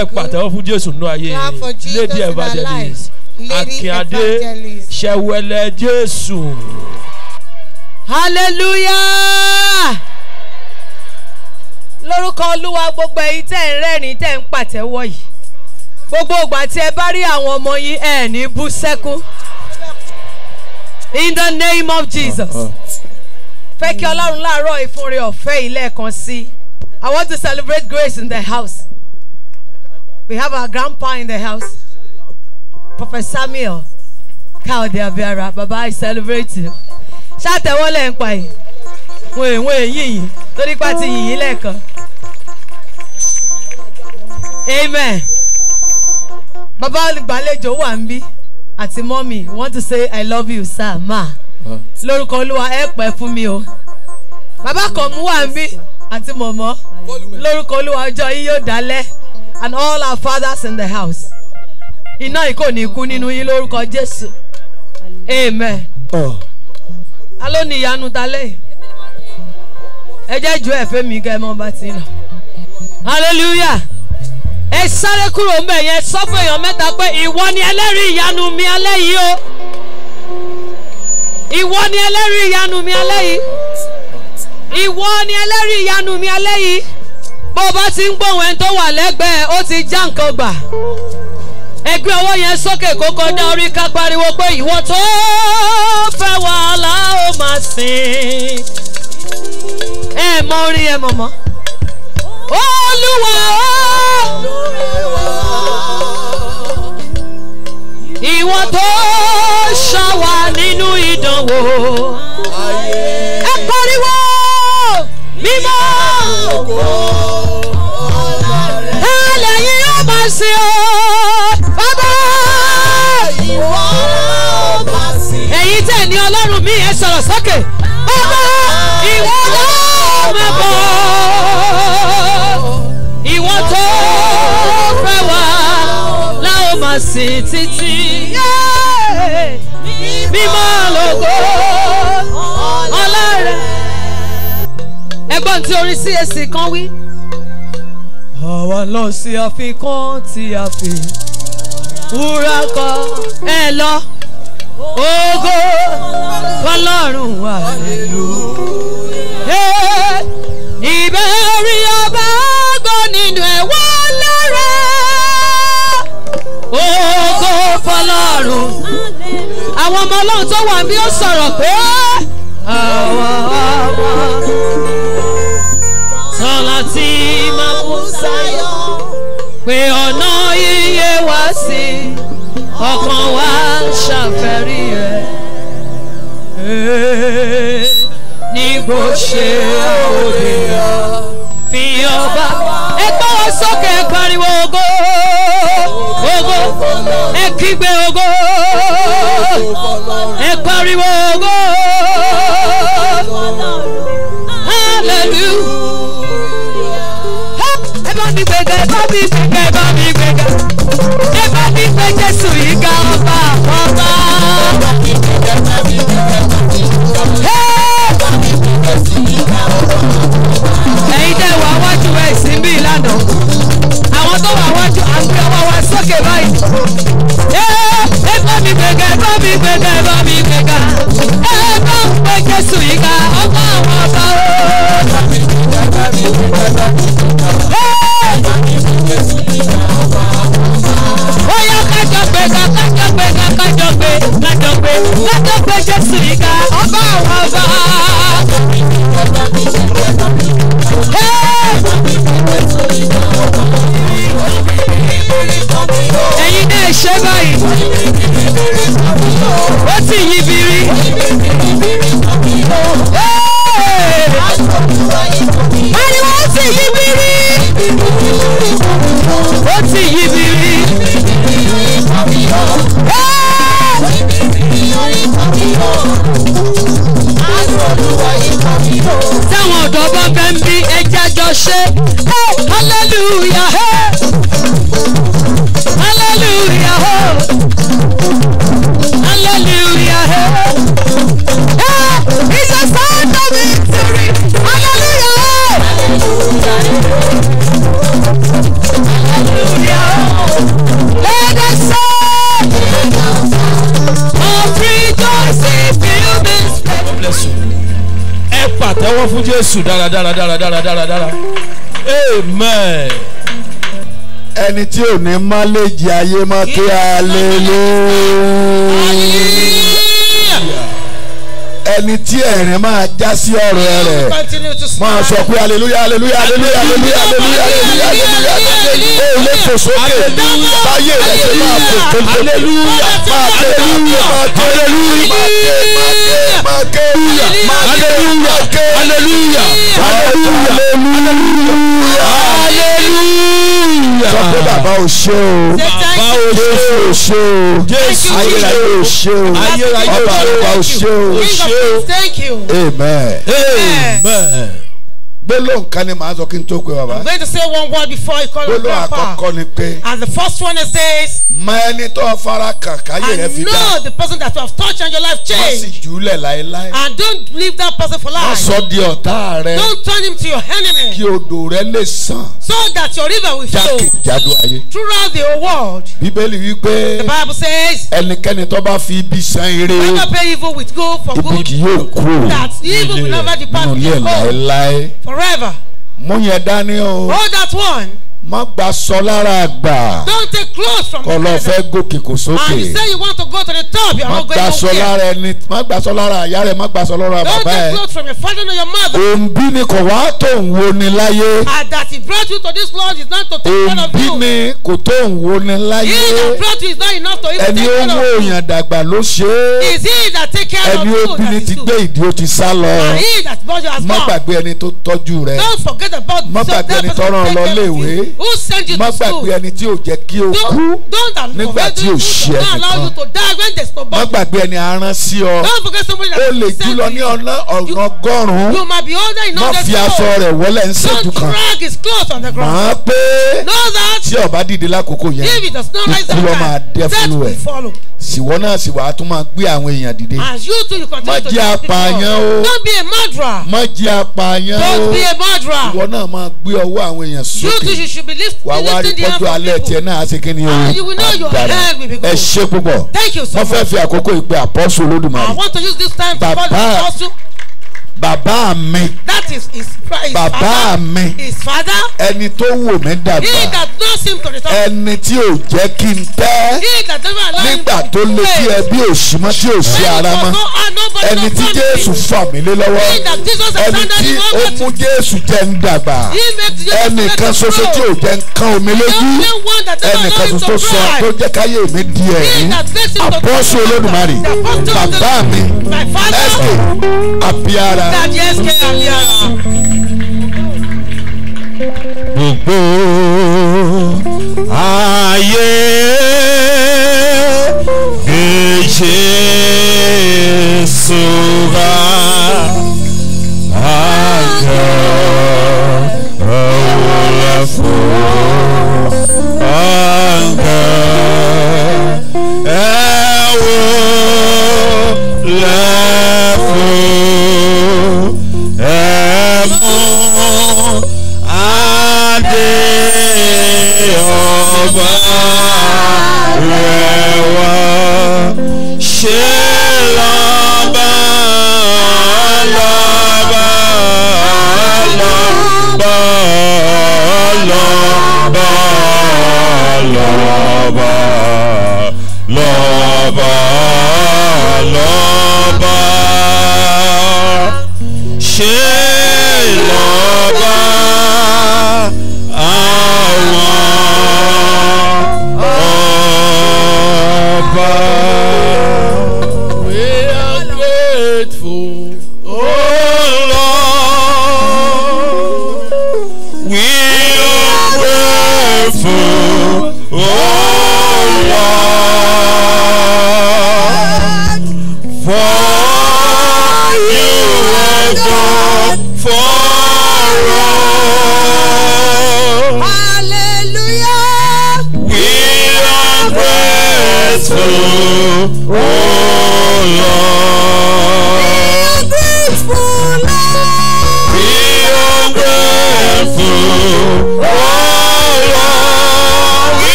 ẹ pàtẹ́wọ́ fún jésù nínú ayé lady evangelist akínyàdé ṣẹwẹlẹ jésù. hallelujah lórúkọ olúwa gbogbo ẹ̀yin tẹ́ ń rẹ́rìn tẹ́ ń pàtẹ́wọ́ yìí gbogbo ìgbà tí ẹ bá rí àwọn ọmọ yín ẹ ní bú sẹ́kún in the name of jesus uh-huh. fẹ́ kí ọlọ́run láàárọ̀ ìfúnre ọ̀fẹ́ ilé ẹ̀kan sí i want to celebrate grace in the house. We have our grandpa in the house, Prophet Samuel Kaude Abiara. Baba is celebrating. Ṣàtẹ̀wọ́ lẹ̀ ń pa yìí. Wọ́n èèwọ̀n èyíyìn torí pa ti yìnyín lẹ́ẹ̀kan. Amen. Baba olùgbàlejò wà ń bí àti mọ́mì want to say I love you sir ma. Lórúkọ Olúwa ẹ pẹ́ fún mi o. Baba, kan mú wà ń bí àti mọ̀mọ́ lórúkọ Olúwa ọjọ́ yìí yóò dálẹ́ and all our fathers in the house. Iná yìí kò ní kú nínú yín lórúkọ Jésù. Amen. Oh. Ta ló ní ìyanu ta lẹ́yìn? Ẹ jẹ́ ju ẹ̀fẹ́ mi kẹ́ ẹ mọ́ bá ti lọ. Hallelujah. Ẹ sáré kúrò ń yẹn sọ fún èèyàn mẹ́ta pé ìwọ ni ẹlẹ́rìí ìyanu mi alẹ́ yìí o. Ìwọ ni ẹlẹ́rìí ìyanu mi alẹ́ yìí. Ìwọ ni ẹlẹ́rìí ìyanu mi alẹ́ yìí bó o bá ti ń gbóhùn ẹni tó wà lẹ́gbẹ̀ẹ́ ó ti já nǹkan gbà ẹgbẹ́ ọwọ́ yẹn sókè kó kọjá orí ká pariwo pé ìwọ tó fẹ́ wàhálà ó máa sìn ẹ mọ orin ẹ mọ̀ olúwa ó ìwọ tó ṣàwà nínú ìdánwò ẹ pariwo mímọ́ ògo ẹlẹ́yin yóò máa ṣe o bàbá ìwọ máa ṣe. ẹ̀yin tẹ̀ ní ọlọ́run mi ẹ sọ̀rọ̀ sókè bàbá ìwọ náà máa bọ̀ ìwọ tó fẹ́ wá láwọn máa sìn títí mímọ́ lógo. ohun tí orin CAC kan wí. àwa lọ sí àfikún tí a fi wúrà kọ ẹ lọ ògo fọ́lọ́run wà nílù. ìbẹ̀rù ọba gbọ́ nínú ẹ̀wọ́ lára ògo fọ́lọ́run. àwọn ọmọ ọlọ́run tó wà bí ó sọ̀rọ̀ pé àwa àwa láti máa mú sáyọ̀ pé ọ̀nà iye wá sí ọkàn wa ṣàfẹ́rí ẹ̀. ní bó ṣe àwòrán yọ fi ọba ẹ gbọ́wọ́ sókè pariwo ògo ògo ẹ kígbe ògo ẹ pariwo ògo hallelujah mi gbẹ̀gà ẹ bá mi gbẹ̀gà ẹ bá mi gbẹ̀gà ẹ bá mi gbé Jésù yìí ga ọba ọba. ẹ ṣe oh, hey hallelujah hey hallelujah oh hallelujah hey hey it's a sound of victory hallelujah oh hallelujah let us say of rejoicing fill this God bless you. ẹ pàtẹ́wọ́ fún Jésù dáradára dáradára dáradára amen. ẹni tí ò ní má lè ayé mọ́ kí a lè ẹni tí ẹ̀rín máa já sí ọ̀rọ̀ rẹ̀ máa sọ pé hallelujah hallelujah hallelujah hallelujah hallelujah hallelujah hallelujah ó lè fò sókè báyé rẹ̀ ṣe máa fò sókè máa ké máa ké máa ké máa ké máa ké máa ké hallelujah hallelujah hallelujah hallelujah hallelujah sọ pé bàbá ò ṣe o bàbá ò ṣe o ṣe o jésù ayérayé ò ṣe o ọba àgbà ò ṣe o amen. amen. amen gbólóhùn kan ni màá sọ kí n tó pe bàbá. I'm going to say one word before you call your grandpa. gbólóhùn àkọ́kọ́ ni pé. and the first one is this. mọ ẹni tó fara kàn káyé rẹ fi dá. and know the person that you have touched and your life changed. wọ́n sì jùlẹ̀ láéláé. and don't leave that person for life. wọ́n sọ di ọ̀tá rẹ. don't turn him to your enemy. kí odò rẹ lè sàn. so that your river will flow. jákèjádò ayé. throughout the whole world. bíbélì wípé. the bible says. ẹnikẹ́ni tó bá fi ibi san ire. when you pay evil with good for good. ibi yóò kúrò. that evil will never depart from your home forever. Mú yẹn dání Hold that one má gba sọ lára àgbà. don't take clothes from the head. kọlọ fẹ́ gòkè kò sókè. and say you want to go to the top má gba sọ lára ẹni má gba sọ lára àyà rẹ má gba sọ lára bàbá ẹ. don't take clothes from your father nor your mother. òǹbí ni kò wá tó ń wo ni láyé. and that he brought you to this world is not to take care of you. òǹbí ni kò tó ń wo ni láyé. he that brought you is not enough to even take care of you. ẹni owó èèyàn dàgbà ló ṣe é. is he that take care of you that is you. ti gbé ìdí ó ti sá lọ. and he that brought you as well. má gbàgbé ẹni tó tọ́jú rẹ. don't forget about the person care of who sent you to school. don't don't nígbà tí ò ṣe ẹnìkan. allow you to die when there no born. má gbàgbé ẹni aràn sí ọ. don't forget somebody that you. o lè jùlọ ní ọ̀nà ọ̀nà ọgọ́rùn-ún. might be older in order má fi aṣọ rẹ̀ wọlé ń ṣètù kan. don't drag his clothes on the ground. máa pé. know that. tí ọba dìde lákòókò yẹn. if it does not rise up high. death will follow. náà sì wàá tún máa gbé àwọn èèyàn dìde. as you too you continue to jẹ́ apààyàn o. don't be a murderer. má jẹ́ apààyàn o. don't be a murderer. ìwọ náà máa gbé ọwọ́ àwọn èèyàn sókè should be lift, wà wá rí pọ́jú alẹ́ tiẹ̀ náà á ṣe kí ni o ah, àdàrà ẹ ṣe púpọ̀ wọ́n fẹ́ fi àkókò ìpè àpọ́sù Olódùmarè bàbá bàbá mi. that is his his bàbá father. mi. his father. ẹni tó wò mí dàgbà. he that knows him to return. ẹni tí ò jẹ́ kí n tẹ́. he that never allow him to pray. nígbà tó lé kí ẹbí òṣìmọ́ tí ò sí ara mọ́. ẹni tí Jésù fà mí lé lọ́wọ́. ẹni tí ó mú Jésù jẹ́ ń dàgbà. ẹnì kan ṣoṣo tí ò jẹ́ ń kán omi lójú. ẹnì kan ṣoṣo sọ tó jẹ́ káyé mi di ẹ̀yìn. àpọ́sọ Olódùmarè bàbá mi ẹ̀sìn àbíara that yes km yàrá. gbogbo ayé gbèjé sọ́ra àgọ́.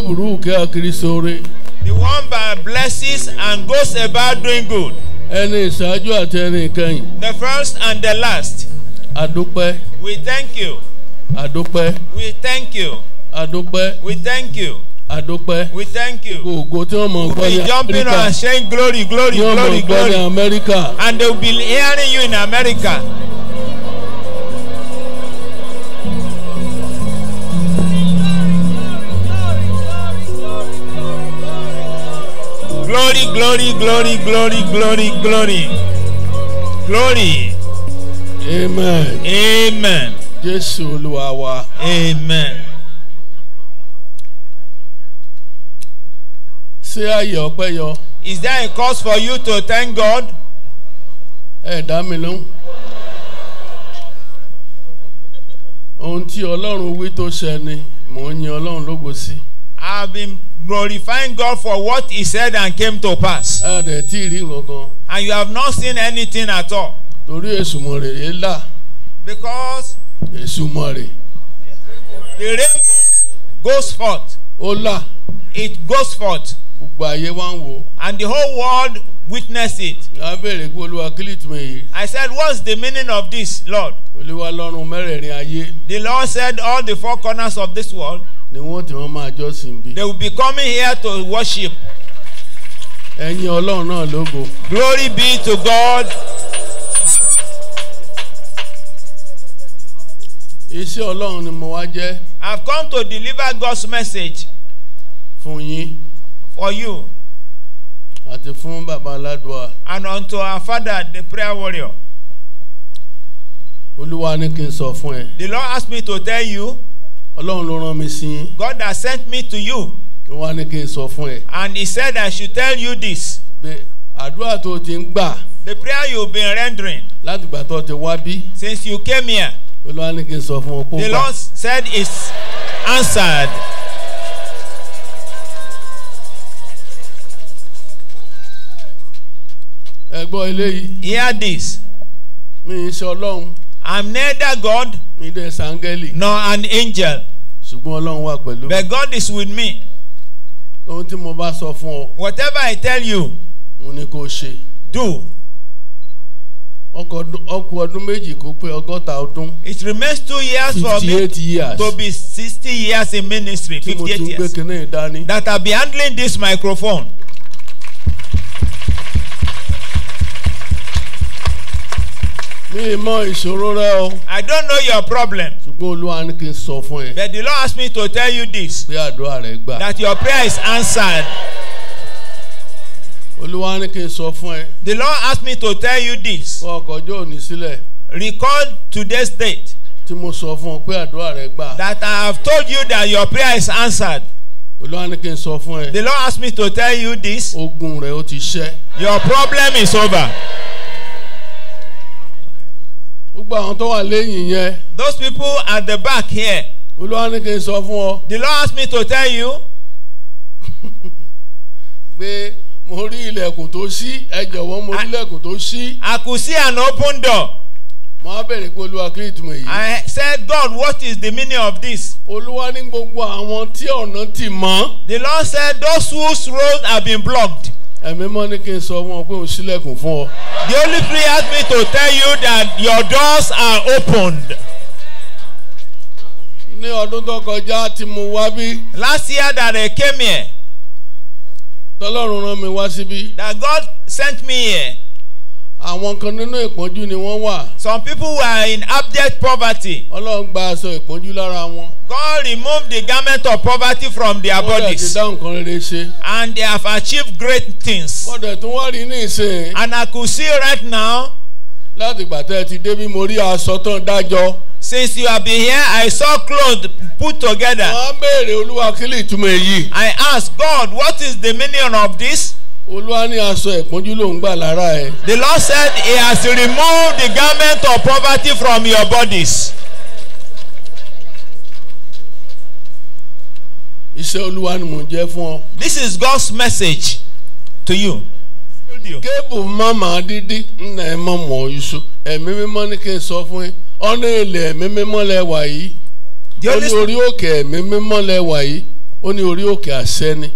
The one that blesses and goes about doing good. The first and the last. Adúpẹ́. We thank you. Adúpẹ́. We thank you. Adúpẹ́. We thank you. Adúpẹ́. We thank you. Ògo tí wọ́n mọ̀ gbọ́ ní Amẹ́ríkà. We'll be jumping and saying glory glory glory glory. Ní wọ́n mọ̀ gbọ́ ní Amẹ́ríkà. And they will be hearing you in America. Glory, glory, glory, glory, glory, glory. Glory. Amen. Amen. Jesu Olúwa Amen. Ṣé àyè ọpẹ́ yọ? Is there a cause for you to thank God? Ẹ dá mi lóhùn. Ohun tí Ọlọ́run wí tó ṣẹ ni mò ń yin Ọlọ́run lógo sí. I have been glorifying God for what he said and came to pass. a tí rí nǹkan. and you have not seen anything at all. torí èsùnmọ̀ rẹ̀ yé là. because. èsùnmọ̀ rẹ̀. the rainbow goes forth. ó là. it goes forth. gbogbo ayé wá ń wò. and the whole world witnessed it. a béèrè pé olúwa kí lìtìmọ̀ yìí. I said what's the meaning of this lord. olúwa lọ́run mẹ́rẹ̀ẹ̀rin ayé. the lord said all the four corners of this world ni wọ́n ti wọ́n máa jọ́sìn bí. they will be coming here to worship. ẹ̀yin ọlọ́run náà lógo. glory be to God. iṣẹ́ ọlọ́run ni mo wá jẹ́. I have come to deliver God's message. fún yín. for you. àti fún bàbá aládùá. and unto our father the prayer warrior. olúwa ní kí n sọ fún ẹ. the Lord asked me to tell you ọlọ́run ló rán mi sí God has sent me to you. ó wá ní kí n sọ fún ẹ. and he said I should tell you this. pé àdúrà tó ti ń gbà. the prayer you been rendering. láti ìgbà tó ti wá bí. since you came here. olúwa ní kí n sọ fún ọ kó the Lord said it's answered. ẹ gbọ́ eléyìí. hear this. mi ì ṣe ọlọ́run. I'm neither God. Mi dẹ̀ sàngẹ́lì. Nor an angel. Ṣùgbọ́n Ọlọ́run wà pẹ̀lú But God is with me. Ohun tí mo bá sọ fún ọ. Whatever I tell you. Mo ní kó ṣe. Do. Ọkọ̀ ọdún méjì kó pé ọgọ́ta ọdún. It remains two years for me years. to be sixty years in ministry, fifty eight years. Tí mo ti gbé kinní ìdání. That I be handling this microphone. mi mọ ìṣòro rẹ o. I don't know your problem. ṣùgbọ́n olúwa ni kí n sọ fún ẹ. but the Lord asked me to tell you this. pé àdúrà rẹ gbà. that your prayer is answered. olúwa ni kí n sọ fún ẹ. the Lord asked me to tell you this. kọ ọkọjọ òní sílẹ̀. recall today's date. tí mo sọ fún ọ pé àdúrà rẹ gbà. that I have told you that your prayer is answered. olúwa ni kí n sọ fún ẹ. the Lord asked me to tell you this. ogun rẹ o ti ṣẹ́. your problem is over gbogbo àwọn tó wà lẹ́yìn yẹn. those people at the back here. olúwa ní kí n sọ fún ọ. the lord asked me to tell you. pé mo rí ilẹ̀kùn tó ṣí ẹ jọ̀wọ́ mo rí ilẹ̀kùn tó ṣí. I could see an open door. mo á bèrè pé olúwa kí ìtumọ̀ yìí. I said God what is the meaning of this. olúwa ní gbogbo àwọn tí ọ̀nà ti mọ́. the lord said those whose roads have been blocked ẹ̀mí mọ́ ní kí n sọ wọn pé n sílẹ̀kùn fún ọ. the holy spirit asked me to tell you that your doors are opened. ní ọdún tó kọjá tí mo wá bí. last year that I came here. tọ́lọ́run rán mi wá síbí. that God sent me here àwọn kan nínú ìpọ́njú ni wọ́n wà. some people were in abject poverty. ọlọ́run gba aṣọ ìpọ́njú lára wọn. God removed the garment of poverty from their bodies. wọ́n dẹ̀ ti dá nǹkan rere ṣe. and they have achieved great things. wọ́n dẹ̀ tún wá rí ní ìsìn. and I could see right now. láti ìgbà tẹ́ ẹ ti dé bí mo rí aṣọ tán dájọ́. Since you have been here, I saw clothes put together. Wọ́n béèrè Olúwa kí lè èyí. I asked God, what is the meaning of this? olúwa aṣọ ẹ̀pọ́njú ló ń gbà lára ẹ. the lord said he has removed the garment of poverty from your bodies. iṣẹ́ olúwa mò ń jẹ́ fún ọ. this is God's message to you. kébù mama dídí nna ẹ mọ mọ iṣu ẹ̀mí mímọ́ ní kí n sọ fún yín ọ̀nà ilẹ̀ ẹ̀mí mímọ́ lẹ yìí ó ní orí òkè ẹ̀mí mímọ́ lẹ yìí ó ní orí òkè àṣẹ ni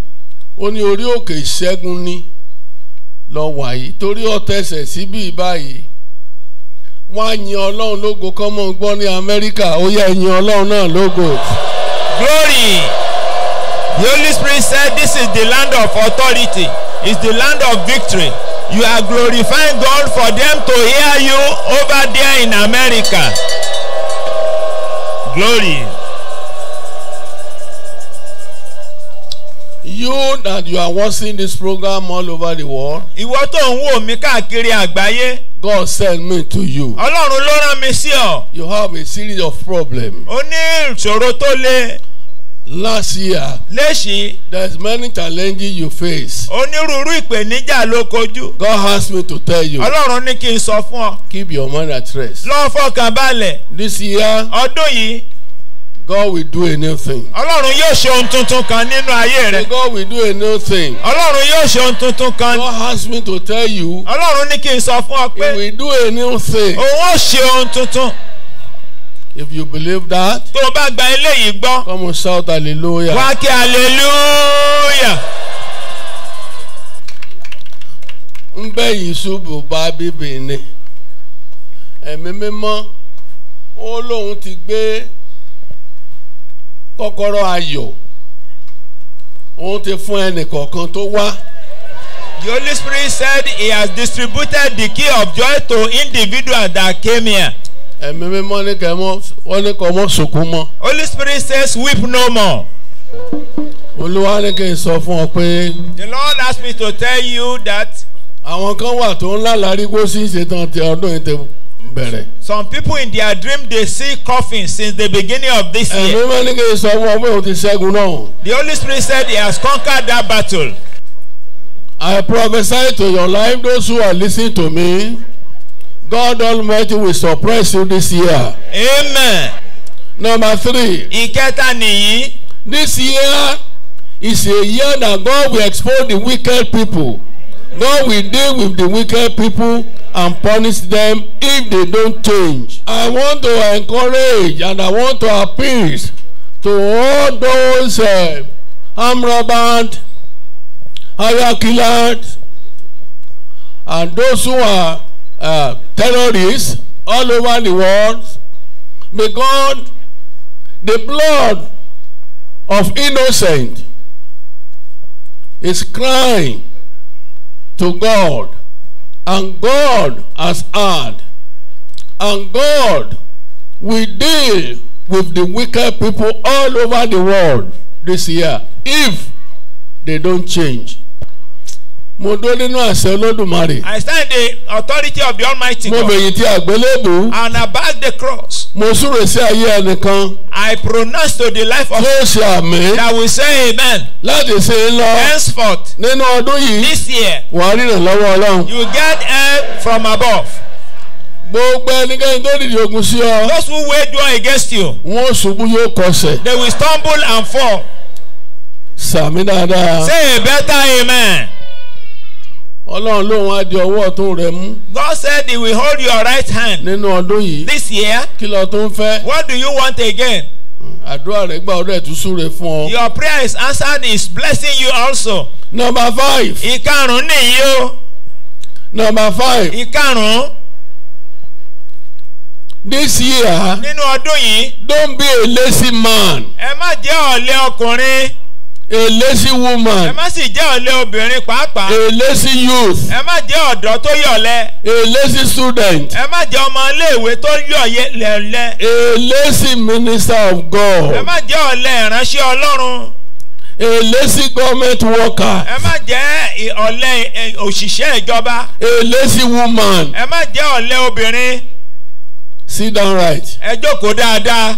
ó ní orí òkè ìṣẹ́gun ní lọ wàyí torí ọ̀tẹ̀sẹ̀ síbí báyìí wọ́n á yin ọlọ́run lógo kọ́mọ́ gbọ́ ní amẹ́ríkà ó yẹ yin ọlọ́run náà lógo. glory the holy spirit said this is the land of authority it's the land of victory you are glorifying God for them to hear you over there in America glory. You that you are watching this program all over the world. Ìwọ tó ń wò mí káàkiri àgbáyé. God send me to you. Ọlọ́run ló rán mi sí ọ. You have a series of problems. O ní ìṣòro tó le. Last year. there is many challenges you face. Onírúurú ìpèníjà ló kojú. God asked me to tell you. Ọlọ́run ní kí n sọ fún ọ. Keep your mind at rest. Lọ fọkàn balẹ̀. This year. Ọdún yìí. God will do a new thing. Ọlọ́run yóò ṣe ohun tuntun kan nínú ayé rẹ. God will do a new thing. Ọlọ́run yóò ṣe ohun tuntun kan. God asked me to tell you. Ọlọ́run ní kí n sọ fún ọ pé. He will do a new thing. Òun ó ṣe ohun tuntun. If you believe that. Tó o bá gba eléyìí gbọ́. Come and shout hallelujah. Wá kí hallelujah. ń bẹ́ yìí ṣubú bá bíbí ni ẹ̀mí mímọ́ ó lóun ti gbé kọ́kọ́rọ́ ayọ̀ òun ti fún ẹnìkọ̀ọ̀kan tó wá. The Holy Spirit said he has distributed the key of joy to individuals that came here. Ẹ̀mí mímọ́ ní kẹ́mọ́ wọ́n ní kọ́ mọ́ sùkún mọ́. Holy Spirit says weep no more. Olúwa ní kí n sọ fún ọ pé. The Lord asked me to tell you that. Àwọn kan wà tó ń lálàá rí kó sí ìṣètàn ti ọdún ìtẹ̀wò bẹ̀rẹ̀. some people in their dream they see coughing since the beginning of this year. ẹ̀mí máa ní kí sọ fún ọ ti ṣẹ́gun náà. the holy spirit said he has conquered that battle. I prophesy to your life those who are listening to me. God Almighty will surprise you this year. Amen. Number three. Ìkẹta nìyí. This year is a year that God will expose the wicked people. God will deal with the wicked people and punish them if they don't change. I want to encourage and I want to appease to all those uh, Amrabat, Ayakilat, and those who are uh, terrorists all over the world because the blood of innocent is crying to God, and God has heard. And God will deal with the wicked people all over the world this year if they don't change. mo dúró nínú àṣẹ olódùmarè. I stand in the authority of the almighty God. mo fèyìntì àgbélébù. and I the cross. mo súre sí ayé ẹnìkan. I pronounce to the life of. yóò ṣe àmì. that we say amen. láti ṣe é lọ. henceforth. nínú ọdún yìí. this year. wàá rí ìrànlọ́wọ́ ọlọ́run. you get help from above. Gbogbo ẹnikẹ́ni tó dìde ogun sí ọ. Those who wage war against you. Wọ́n ṣubú yóò kọsẹ̀. They will stumble and fall. Sàmì dáadáa. Say a better amen ọlọ́run lóun á di ọwọ́ ọ̀tún rẹ mú. God said he will hold your right hand. nínú ọdún yìí. this year. kí ló tún fẹ́. what do you want again? àdúrà rẹ gbà ọdọ ìtúsú rẹ fún ọ. your prayer is answered is blessing you also. number five. ìkarùn nìyí o. number five. ìkarùn. this year. nínú ọdún yìí. don't be a lazy man. ẹ má jẹ́ ọ̀lẹ ọkùnrin a lazy woman. ẹ má sì jẹ́ ọ̀lẹ obìnrin pàápàá. a lazy youth. ẹ má jẹ́ ọ̀dọ́ tó yọ̀lẹ. a lazy student. ẹ má jẹ́ ọmọ iléèwé tó yọ̀lẹ. a lazy minister of God. ẹ má jẹ́ ọ̀lẹ ìránṣẹ́ ọlọ́run. A lazy government worker. Ẹ má jẹ́ ọ̀lẹ òṣìṣẹ́ ìjọba. A lazy woman. Ẹ má jẹ́ ọ̀lẹ obìnrin. Sit down right. Ẹ jókòó dáadáa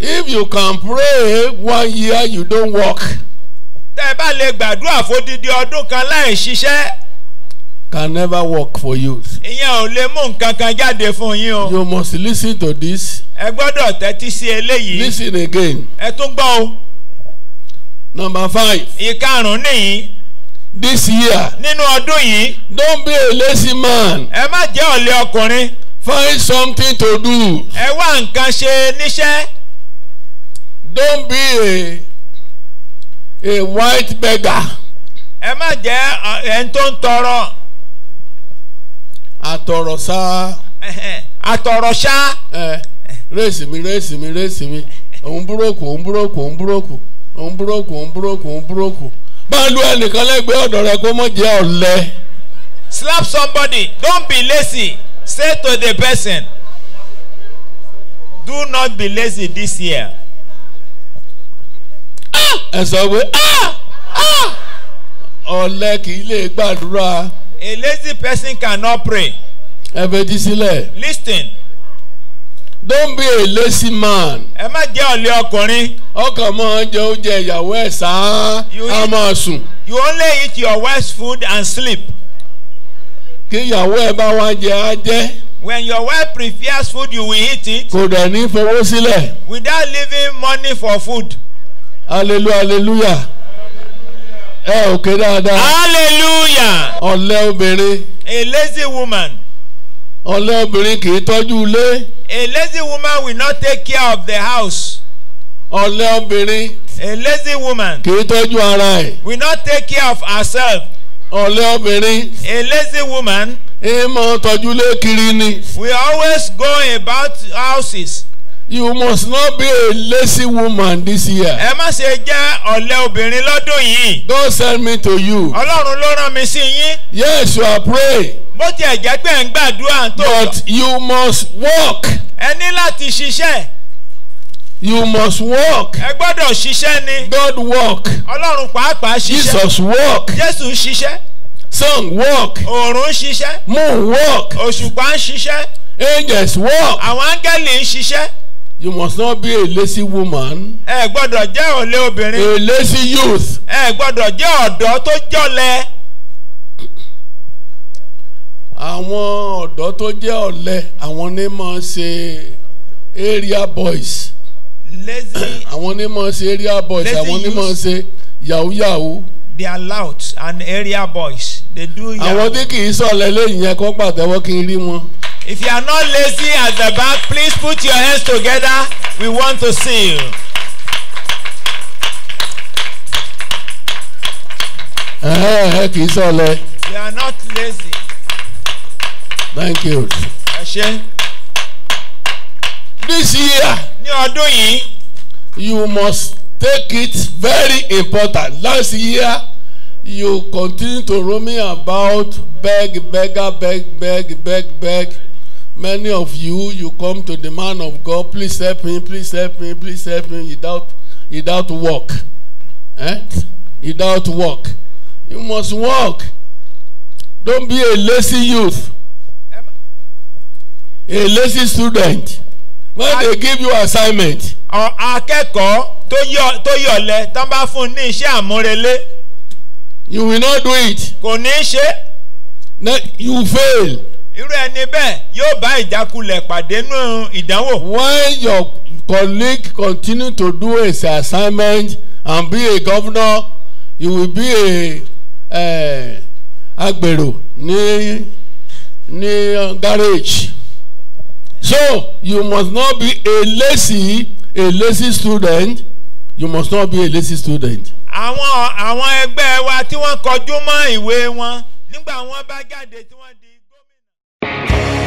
if you can pray one year you don't work. tẹ́ ẹ bá lè gbàdúrà fódìdí ọdún kan láì ṣiṣẹ́. can never work for you. ìyẹn ò lè mú nǹkan kan jáde fún yín o. you must lis ten to this. ẹ gbọ́dọ̀ tẹ́tí sí eléyìí. lis ten again. ẹ tún gbọ́ o. number five. ìkarùn-ún nìyí this year. nínú ọdún yìí. don't be a lazy man. ẹ má jẹ́ ọ̀lẹ ọkùnrin. find something to do. ẹ wá nǹkan ṣe níṣẹ́ don't be a a white beggar. ẹ má jẹ́ ẹni tó ń tọrọ. àtọ̀rọ̀ sá. àtọ̀rọ̀ sá. rẹ́sì mi rẹ́sì mi rẹ́sì mi òun búrókù òun búrókù òun búrókù òun búrókù òun búrókù òun búrókù máa lu ẹnìkan lẹ́gbẹ̀ẹ́ ọ̀dọ̀ rẹ kó mọ̀ jẹ́ ọ̀lẹ. slap somebody don't be lazy say to the person do not be lazy this year ẹ sọ pé ah! Ah! kì í lè gbàdúrà. a lazy person cannot pray. ẹ fetí sílẹ̀. lis ten. don't be a lazy man. ẹ má jẹ́ ọ̀lẹ ọkùnrin. ọkàn máa ń jẹ oúnjẹ ìyàwó ẹ̀ sáá á máa sùn. you only eat your wife's food and sleep. kí ìyàwó ẹ bá wá jẹ á when your wife prefers food you will eat it. kò dẹ̀ ní fowó sílẹ̀. without leaving money for food hallelujah hallelujah ẹ ò ké dáadáa. hallelujah. ọ̀lẹ́ obìnrin. a lazy woman. ọ̀lẹ́ obìnrin kì í tọ́jú ilé. a lazy woman will not take care of the house. ọ̀lẹ́ obìnrin. a lazy woman. kì í tọ́jú ara ẹ̀. will not take care of herself. ọ̀lẹ́ obìnrin. a lazy woman. ìmọ̀ tọ́jú lé kiri ni. we always go about houses. You must not be a lazy woman this year. Ẹ má ṣe jẹ́ ọ̀lẹ obìnrin lọ́dún yìí. God send me to you. Ọlọ́run ló rán mi sí yín. Yes, you are praying. Bó tiẹ̀ jẹ́ pé ń gbàdúrà tó. But you must work. Ẹ ní láti ṣiṣẹ́. You must work. Ẹ gbọ́dọ̀ ṣiṣẹ́ ni. God work. Ọlọ́run pàápàá ṣiṣẹ́. Jesus work. Jésù ṣiṣẹ́. Sun work. Òòrùn ṣiṣẹ́. Moon work. Òṣùpá ń ṣiṣẹ́. Angels work. Àwọn áńgẹ́lì ń ṣiṣẹ́. You must not be a lazy woman. Ẹ gbọ́dọ̀ jẹ́ òlé obìnrin. A lazy youth. Ẹ gbọ́dọ̀ jẹ́ ọ̀dọ́ tó jọ̀lẹ. Àwọn ọ̀dọ́ tó jẹ́ ọ̀lẹ àwọn ni máa ṣe area boys. Lazy. Àwọn ni máa ṣe area boys. Àwọn ni máa ṣe yahoo yahoo. They are loud and area boys. They do yahoo. Àwọn tí kì í sọ̀lẹ́ lẹ́yìn yẹn kó pàtẹ́wọ́ kí n rí wọn. If you are not lazy at the back, please put your hands together. We want to see you. ẹ kì í You are not lazy. Thank you. Ẹ This year. Ní ọdún yìí. You must take it very important. Last year you continue to roam about beg beggar beg beg beg beg. beg. Many of you, you come to the man of God, please help me. please help me. please help me. without, without work. Eh? Without work. You must work. Don't be a lazy youth, a lazy student. When they give you assignment. Akẹ́kọ̀ọ́ tó yọ tó yọ̀lẹ̀ tán bá fún un ní iṣẹ́ àmúrelé. You will not do it. Kò ní í ṣe. You fail irú ẹni bẹ́ẹ̀ yóò bá ìjákulẹ̀ pàdé nù ìdánwò. when your colleague continue to do his assignment and be a governor you will be a uh, agbèrò ní ní uh, garage so you must not be a lazy a lazy student you must not be a lazy student. àwọn àwọn ẹgbẹ́ wa tí wọ́n kọjú mọ́ ìwé wọn nígbà wọ́n bá jáde tí wọ́n di. Bye.